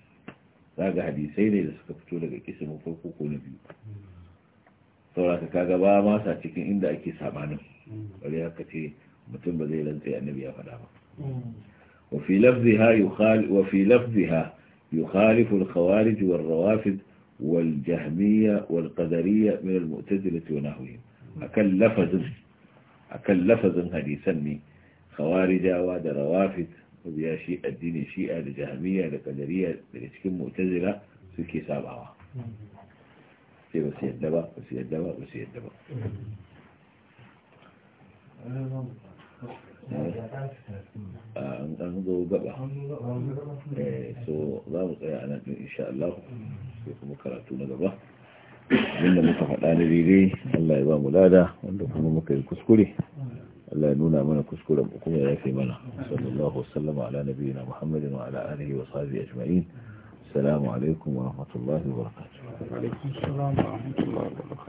هذا حديثين إذا سكبتوا لك كسم فوقوق نبي صورة كاقبا ما ساتكين إن أكي سامانه وليها كتير متنبذي لنتي النبي أفضل وفي لفظها يخال وفي لفظها يخالف الخوارج والروافد والجهمية والقدرية من المؤتزلة ونحوهم أكل لفظ أكل لفظ هديسني خوارج ودا روافد وبيا شيء الدين شيء لجهمية لقدرية لتكون مؤتزلة سكي سابعة sai ba su yadda ba ba su yadda Eh, an zo gaba eh, so za mu tsaya a nan insha Allah sai kuma karatu na gaba inda muka faɗa na daidai Allah ya ba mu lada wanda kuma muka yi kuskure Allah ya nuna mana kuskuren kuma ya yafe mana sallallahu wasallama ala nabiyina Muhammadin wa ala alihi wa sahbihi ajma'in assalamu alaikum wa rahmatullahi wa barakatuh wa alaikum assalam wa rahmatullahi wa barakatuh